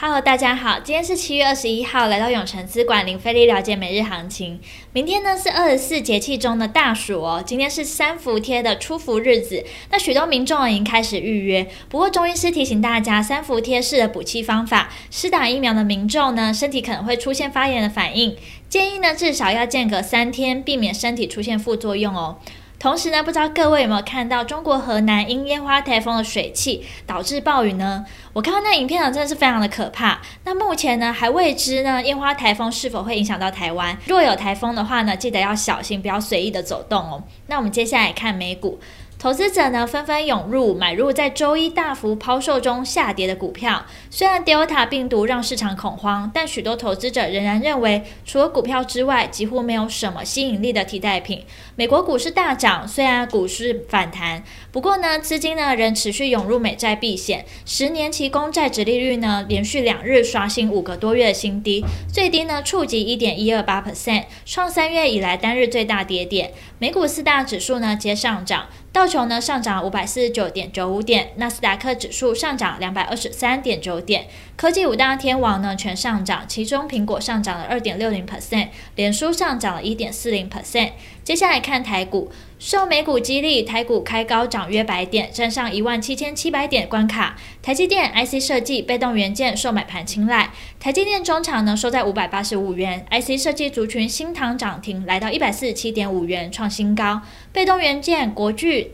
Hello，大家好，今天是七月二十一號，來到永城資管林菲利了解每日行情。明天呢是二十四節氣中的大暑哦，今天是三伏貼的初伏日子，那許多民眾已經開始預約。不過中醫師提醒大家，三伏貼式的補氣方法，施打疫苗的民眾呢，身體可能會出現發炎的反應，建議呢至少要間隔三天，避免身體出現副作用哦。同時呢，不知道各位有沒有看到中國河南因煙花台風的水汽導致暴雨呢？我看到那影片呢，真的是非常的可怕。那目前呢，還未知呢，煙花台風是否會影響到台灣？若有台風的話呢，記得要小心，不要隨意的走動哦。那我們接下來看美股。投資者呢，紛紛湧入買入在周一大幅拋售中下跌的股票。雖然 Delta 病毒讓市場恐慌，但許多投資者仍然認為，除了股票之外，幾乎沒有什麼吸引力的替代品。美國股市大漲，雖然股市反彈，不過呢，資金呢，仍持續湧入美債避險。十年期公債殖利率呢，連續兩日刷新五個多月的新低，最低呢，觸及一點一二八 percent，創三月以來單日最大跌點。美股四大指數呢，皆上漲，到。瓊呢上漲五百四十九點九五點，納斯達克指數上漲兩百二十三點九點，科技五大天王呢全上漲，其中蘋果上漲了二點六零 percent，臉書上漲了一點四零 percent。接下來看台股，受美股激勵，台股開高漲約百點，站上一萬七千七百點關卡。台積電、IC 設計、被動元件受買盤青睞，台積電終場呢收在五百八十五元，IC 設計族群新唐漲停來到一百四十七點五元創新高，被動元件國巨。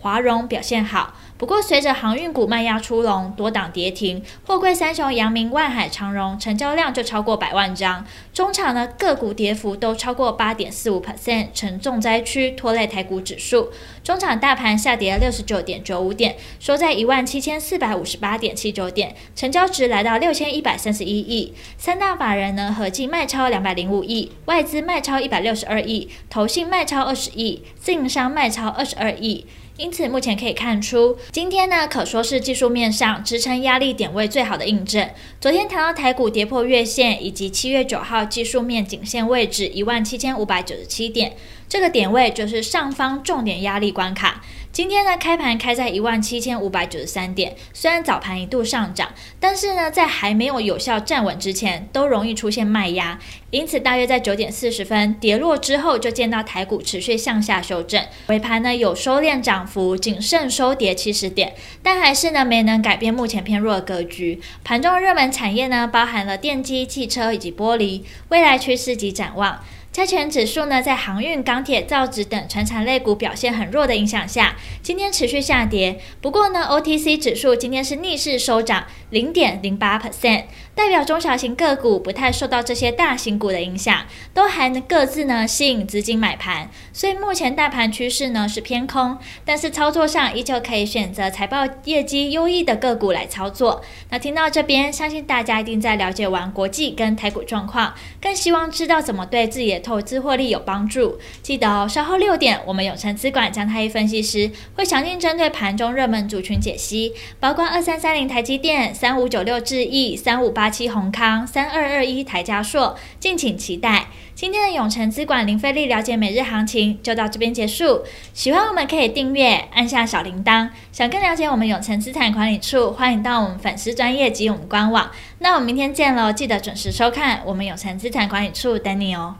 華融表現好，不過隨着航運股賣壓出籠，多檔跌停，貨櫃三雄陽明、萬海、長榮成交量就超過百萬張。終場呢個股跌幅都超過八點四五 percent，呈重災區，拖累台股指數。終場大盤下跌六十九點九五點，收在一萬七千四百五十八點七九點，成交值來到六千一百三十一億。三大法人呢合計賣超兩百零五億，外資賣超一百六十二億，投信賣超二十億，自營商賣超二十二億。因此，目前可以看出，今天呢可說是技術面上支撐壓力點位最好的印證。昨天談到台股跌破月線，以及七月九號技術面頸線位置一萬七千五百九十七點，這個點位就是上方重點壓力關卡。今天呢開盤開在一萬七千五百九十三點，雖然早盤一度上漲，但是呢在還沒有有效站穩之前，都容易出現賣壓。因此，大約在九點四十分跌落之後，就見到台股持續向下修正。尾盤呢有收斂漲。幅謹慎收跌七十點，但還是呢沒能改變目前偏弱的格局。盤中的熱門產業呢包含了電機、汽車以及玻璃。未來趨勢及展望。加權指數呢，在航運、鋼鐵、造紙等傳產類股表現很弱的影響下，今天持續下跌。不過呢，OTC 指數今天是逆勢收漲零點零八 percent，代表中小型個股不太受到這些大型股的影響，都還能各自呢吸引資金買盤。所以目前大盤趨勢呢是偏空，但是操作上依舊可以選擇財報業績優異的個股來操作。那聽到這邊，相信大家一定在了解完國際跟台股狀況，更希望知道怎麼對自己的。投資獲利有幫助，記得哦。稍後六點，我們永成資管張泰一分析師會詳盡針對盤中熱門族群解析，包括二三三零台積電、三五九六智易、三五八七閎康、三二二一台嘉碩，敬請期待。今天的永成資管零費力了解每日行情就到這邊結束。喜歡我們可以訂閱，按下小鈴鐺。想更了解我們永成資產管理處，歡迎到我們粉絲專業及我們官網。那我們明天見嘍，記得準時收看我們永成資產管理處等你哦。